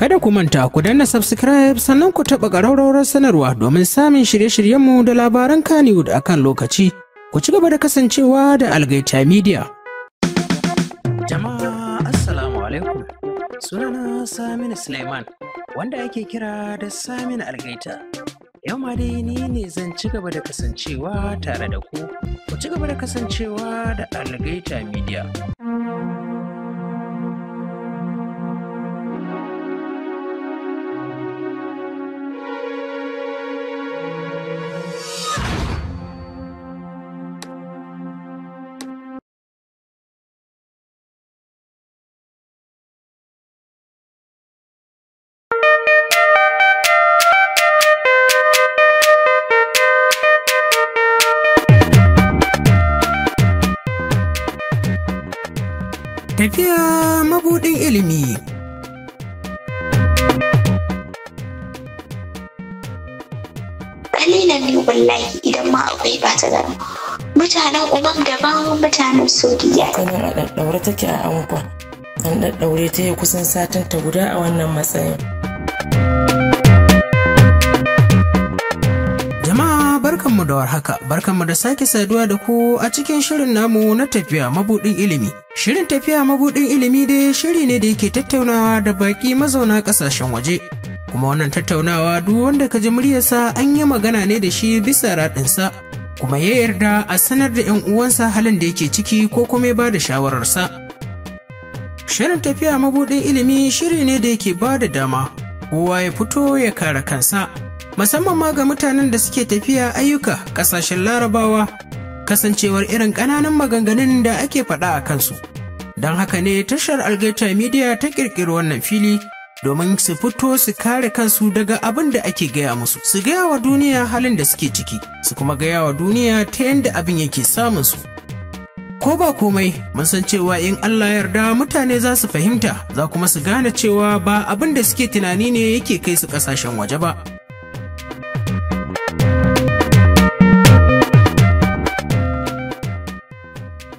Kada ku manta ku danna subscribe sannan ku taɓa ƙararrawar sanarwa domin samun shirye-shiryenmu da labaran Kannywood akan lokaci. Ku ci gaba da kasancewa da Algaita Media. Jama'a Assalamu alaikum. Sunana Saminu Suleiman wanda ake kira da Saminu Algaita. Yau ma dai ni ne zan ci gaba da kasancewa tare da ku. Ku ci gaba da kasancewa da Algaita Media. Tafiya mabuɗin ilimi. Kalilan ne wallahi idan ma akwai ba ta da Mutanen uban daban mutanen ya Kanin a ɗaɗɗaure take a kwa, An ɗaɗɗaure ta yi kusan satinta guda a wannan matsayin. mu da warhaka, barkanmu da sake saduwa da ku a cikin shirin namu na tafiya mabudin ilimi. Shirin tafiya mabudin ilimi dai shiri ne da yake tattaunawa da baki mazauna ƙasashen waje. Kuma wannan tattaunawa duk wanda ka ji muryarsa an yi magana ne da shi bisa raɗinsa. Kuma ya yarda a sanar da 'yan uwansa halin da yake ciki ko kuma ya ba shawararsa. Shirin tafiya mabudin ilimi shiri ne da yake bada dama. Kowa ya fito ya kare kansa. musamman ma ga mutanen da suke tafiya ayyuka ƙasashen larabawa kasancewar irin ƙananan maganganun da ake faɗa a kansu don haka ne tashar Algeta media ta ƙirƙiri wannan fili domin su fito su kare kansu daga abin da ake gaya musu su gaya wa duniya halin da suke ciki su kuma gaya wa duniya ta yadda abin yake samun su ko ba komai mun san cewa in Allah yarda mutane za su fahimta za kuma su gane cewa ba abin da suke tunani ne yake kai su kasashen waje ba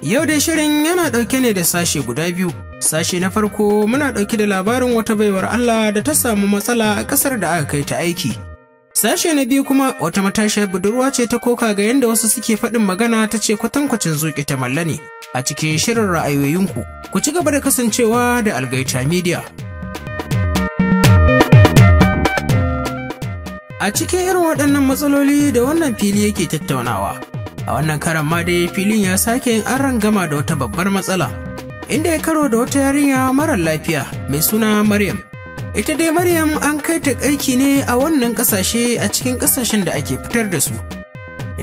Yau dai shirin yana ɗauke ne da sashe guda biyu. Sashe na farko muna ɗauke da labarin wata baiwar Allah da ta samu matsala a ƙasar da aka kai ta aiki. Sashe na biyu kuma wata matashiyar budurwa ce ta koka ga yadda wasu suke faɗin magana ta ce kwatankwacin zuƙi ta malla ne a cikin shirin ra'ayoyinku. Ku ci gaba da kasancewa da Algaita Media. A cikin irin waɗannan matsaloli da wannan fili yake tattaunawa, a wannan karan ma dai filin ya sake yin an gama da wata babbar matsala inda ya karo da wata yarinya marar lafiya mai suna maryam ita dai maryam an kai ta aiki ne a wannan kasashe a cikin kasashen da ake fitar da su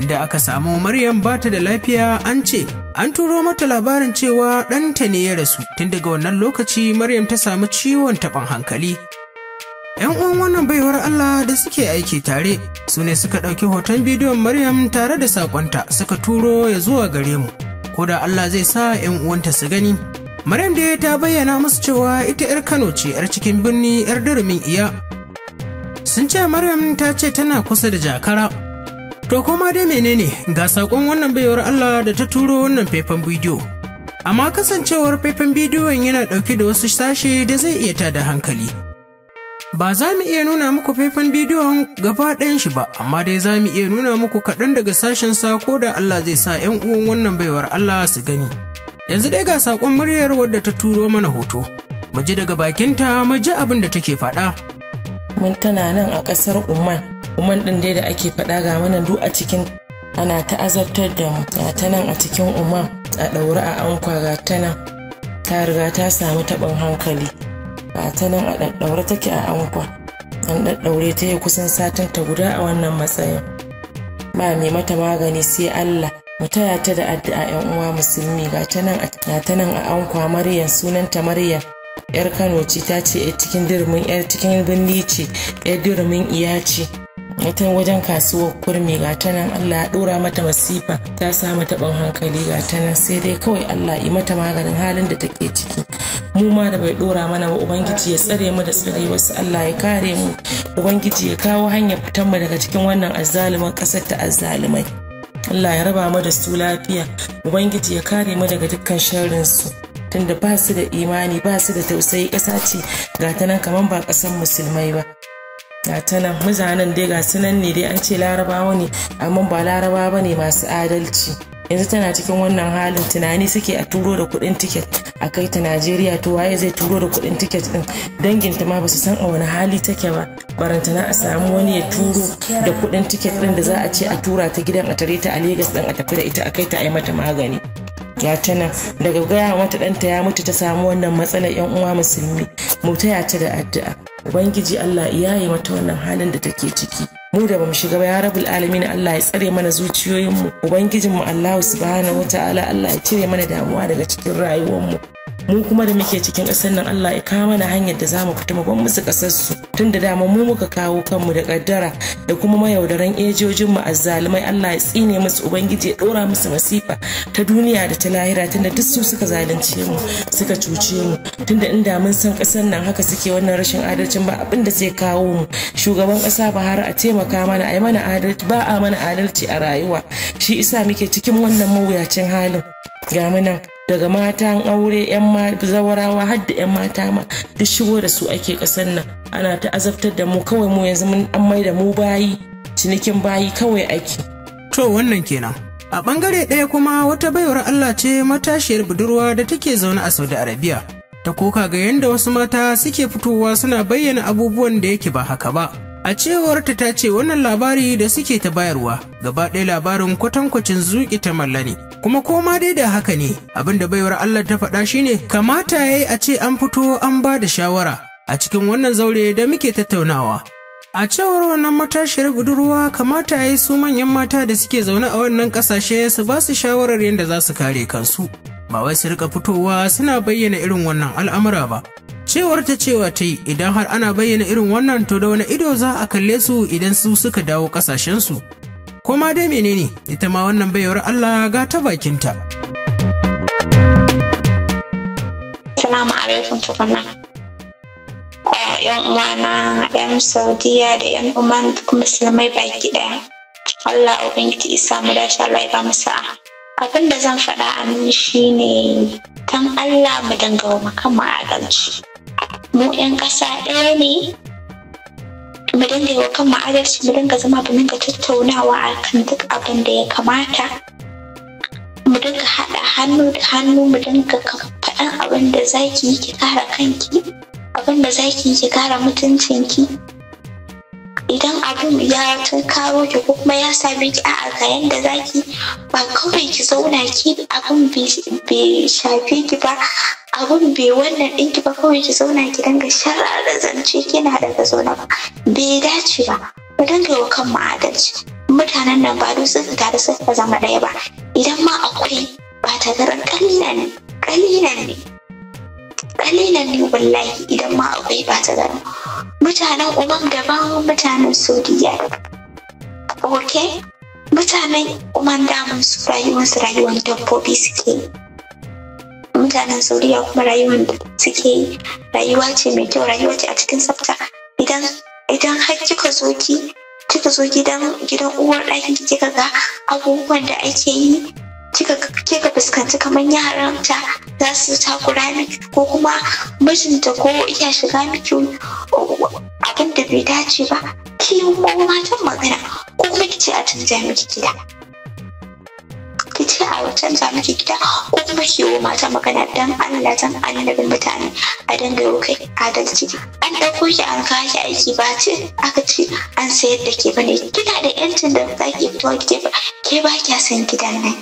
inda aka samu maryam ba ta da lafiya an ce an turo mata labarin cewa ɗanta ne ya rasu tun daga wannan lokaci maryam ta samu ciwon taɓin hankali 'Yan uwan wannan baiwar Allah da suke aiki tare su ne suka ɗauki hoton bidiyon Maryam tare da sakonta suka turo ya zuwa gare mu. Ko da Allah zai sa 'yan uwanta su gani. Maryam dai ta bayyana musu cewa ita 'yar Kano ce 'yar cikin birni 'yar darumin iya. Sun ce Maryam ta ce tana kusa da jakara. To koma dai menene ga saƙon wannan baiwar Allah da ta turo wannan faifan bidiyo. amma kasancewar faifan bidiyon yana ɗauke da wasu sashe da zai iya tada hankali Ba za mu iya nuna muku faifan bidiyon gaba ɗayan shi ba, amma dai za mu iya nuna muku kaɗan daga sashen sa ko da Allah zai sa 'yan uwan wannan baiwar Allah su gani. Yanzu dai ga saƙon muryar wadda ta turo mana hoto. Mu ji daga bakinta mu ji abin da take faɗa. Mun tana nan a ƙasar Uman Uman ɗin dai da ake faɗa ga mana duk a cikin ana ta'azartar da mu ta nan a cikin Uman, a ɗaure a ankwa ga ta nan ta riga ta samu taɓin hankali. a ta nan a ɗaɗɗaure take a ankwa an ɗaɗɗaure ta yi kusan satin ta guda a wannan matsayin ba mai mata magani sai Allah mu taya ta da addu'a yan uwa musulmi ga ta nan a ankwa Maryam sunanta Maryam yar Kano ce ta ce eh, cikin dirmin yar cikin birni ce yar dirmin iya ce ita wajen kasuwar kurmi ga tanan nan Allah ya dora mata masifa ta samu taɓin hankali ga ta sai dai kawai Allah yi mata maganin halin da take ciki mu ma da bai dora mana ba ubangiji ya tsare mu da tsare wasu Allah ya kare mu ubangiji ya kawo hanyar fitan mu daga cikin wannan azzaluman ƙasar ta azzalumai Allah ya raba mu da su lafiya ubangiji ya kare mu daga dukkan sharrin su tunda ba su da imani ba su da tausayi ƙasa ce ga tanan nan kamar ba ƙasar musulmai ba ga ta mutanen dai ga sunan ne dai an ce larabawa ne amma ba laraba ba ne masu adalci yanzu tana cikin wannan halin tunani suke a turo da kudin tiket a kai ta najeriya to waye zai turo da kudin tiket din danginta ma basu san a wani hali take ba barantana a samu wani ya turo da kudin tiket din da za a ce a tura ta gidan a tare ta a legas din a tafi da ita a kai ta a yi mata magani ya tana daga gaya mata danta ya mutu ta samu wannan matsalar yan uwa musulmi mu taya ta da addu'a ubangiji Allah ya yi mata wannan halin da take ciki mu da bamu shiga ba ya rabul alamin Allah ya tsare mana zuciyoyin mu Allah subhanahu wataala Allah ya cire mana damuwa daga cikin rayuwar mu mu kuma da muke cikin ƙasar nan Allah ya kawo mana hanyar da zamu fita mu ban musu ƙasar su tun da dama mu muka kawo kanmu da kaddara da kuma mayaudaran ejojin mu azzalumai Allah ya tsine musu ubangiji ya dora musu masifa ta duniya da ta lahira tunda da duk su suka zalunce mu suka cuce mu tun da inda mun san ƙasar nan haka suke wannan rashin adalcin ba abin da zai kawo mu shugaban ƙasa Buhari a taimaka mana ai mana adalci ba a mana adalci a rayuwa shi isa muke cikin wannan mawuyacin halin ga mu nan daga matan aure yan zawarawa har da yan mata ma duk shigo da su ake ƙasar nan ana ta azabtar da mu kawai mu yanzu mun an mai da mu bayi cinikin bayi kawai ake to wannan kenan a bangare ɗaya kuma wata baiwar Allah ce matashiyar budurwa da take zaune a Saudi Arabia ta koka ga yanda wasu mata suke fitowa suna bayyana abubuwan da yake ba haka ba a cewar ta ce wannan labari da suke ta bayarwa gaba ɗaya labarin kwatankwacin zuƙi ta malla ne kuma koma dai da haka ne abin da baiwar Allah ta faɗa shine kamata ya yi a ce an fito an ba da shawara a cikin wannan zaure da muke tattaunawa a cewar wannan matashiyar budurwa kamata ya yi su manyan mata da suke zaune a wannan ƙasashe su ba su shawarar yadda za su kare kansu ba wai su rika fitowa suna bayyana irin wannan al'amura ba cewar ta cewa ta yi idan har ana bayyana irin wannan to da wani ido za a kalle su idan su suka dawo ƙasashensu ko ma dai menene ita ma wannan baiwar Allah ga ta bakinta. Assalamu alaikum tukunna. Eh, ‘Yan uwana, ‘yan Saudiya da ‘yan Oman kuma musulmai baki ɗaya. Allah ki isa mu sha Allah ya ba mu sa'a. Abin da zan faɗa a nan shine tan Allah mu dinga a kanmu adalci. Mu ‘yan ƙasa ɗaya ne, mu dinga yi wa kanmu adalci mu dinga zama mu dinga tattaunawa a kan duk abin da ya kamata mu dinga haɗa hannu da hannu mu dinga faɗan abin da ki yi ki kara kanki abin da ki yi ki kara mutuncinki idan abin ya tun kawo ki ko kuma ya same ki a ga yanda ki ba kawai ki zauna ki abin bai shafe ki ba abun bai wannan ɗinki ba kawai ki zauna ki dinga sharara zance kina daga zauna ba bai dace ba ba dinga wa kan adalci mutanen nan ba duk sun tare suka zama ɗaya ba idan ma akwai ba ta garin kalilan kalilan ne kalilan ne wallahi idan ma akwai ba ta garin mutanen umar gaban mutanen sodiya ok mutanen umar damun su rayuwarsu rayuwar dabbobi suke mutanen Saudiya kuma rayuwar da suke yi rayuwa ce mai kyau rayuwa ce a cikin tsafta idan har kika zo ki kika zo gidan gidan uwar ɗakin ki kika ga abubuwan da ake yi kika kika fuskanci kamar ta za su takura miki ko kuma mijinta ko iya shiga miki abin bai dace ba ki yi magana ko kuma ki ce a canja miki gida ce a canza miki gida ko kuma ki yi mata magana dan Allah dan annabin mutane a dinga yau kai adalci an ɗauko ki an kawo ki aiki ba ce aka ce an sayar da ke bane kina da yancin da za ki fito ki ba ke ba kya san gidan nan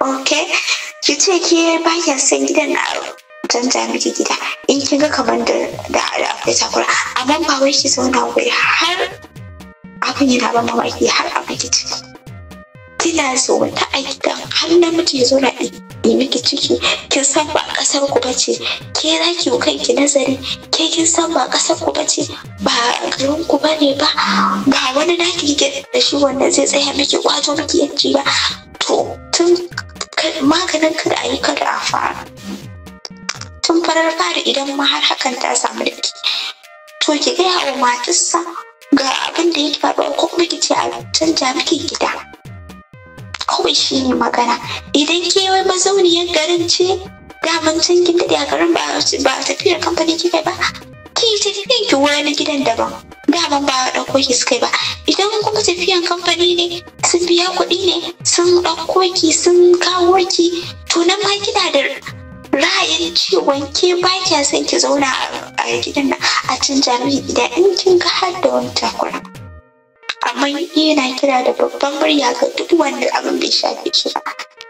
ok ki ce ke ba kya san gidan na canza miki gida in kin ga kamar da da akwai takura amma ba wai ki zauna wai har abin yana ba mamaki har a baki ciki kina so wata a har namiji ya zo na yi miki ciki kin san ba kasar ku bace ke za ki yi kanki nazari ke kin san ba kasar ku bace ba garin ku bane ba ba wani naki ke da shi wanda zai tsaya miki kwato miki yanci ba to tun maganin kada a yi kada a fara tun farar fara idan ma har hakan ta samu da ke to ki gaya wa matarsa ga abin da ya faru ko kuma ki ce a canja miki gida ku shi ne magana idan ke wai mazauniyar garin ce daman can kin daɗe a garin ba a tafiyar kamfani kika ba ki yi tafiyan ki na gidan daban daman ba a ɗauko ki suka ba idan kuma tafiyan kamfani ne sun biya kuɗi ne sun ɗauko ki sun kawo ki to ma kina da ra'ayin cewa ke ba kya son ki zauna a gidan nan a can jami'i gida in kin ga har da wani takura. amma yana kira da babban murya ga duk wanda abin bai shafe shi ba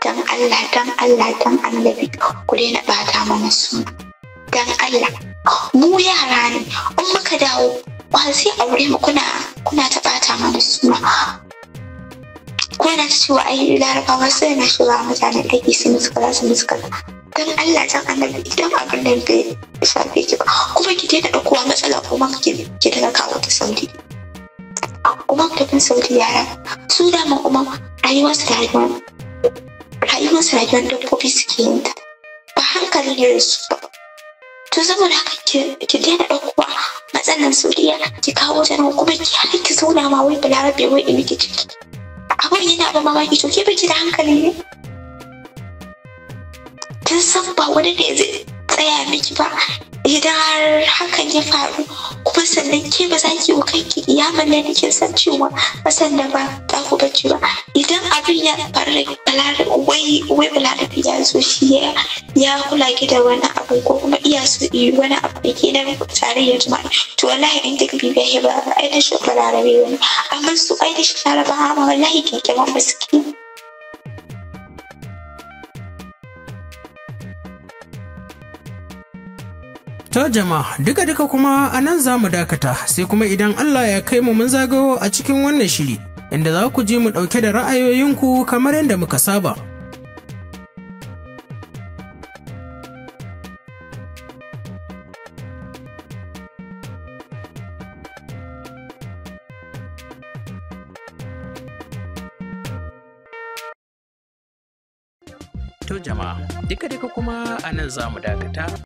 dan Allah dan Allah dan annabi ku daina bata mana suna dan Allah mu yara ne in muka dawo ba sai aure mu kuna kuna ta bata mana suna ko na cewa ai larabawa sai na shiga mutane aiki sun suka za su musu kaza dan Allah dan annabi idan abin da bai shafe ki ba kuma ki daina ɗaukowa matsala kuma ki daina kawo ta sauri umar rabin yara, su dama umar rayuwarsu rayuwar rayuwarsu rayuwar dabbobi suke yin ta ba hankali ne da su ba to saboda haka ki daina ɗaukowa matsalar sauriya ki kawo janar kuma ki har ki zauna ma wai balarabe wai ɗin ki ciki abin yana ba mamaki to ke baki da hankali ne kin san ba wani ne zai tsaya miki ba idan har hakan ya faru kuma sannan ke ba za ki wa kanki iyaman da nake san cewa masan da ba ta ku bace ba idan abin ya faru balare wai wai balare ya zo shi ya ya kula ki da wani abu ko kuma iya so yi wani abu da ke nan tare ya jima to wallahi in duk bibiya ba shi balare ne amma su ainihin ba ma wallahi kyakkyawan ba suke To jama'a duka duka kuma a nan za mu dakata sai kuma idan Allah ya kai mu mun zagayo a cikin wannan shiri inda za ku ji mu ɗauke da ra'ayoyinku kamar yadda muka saba. To jama'a, duka-duka kuma a nan za mu dakata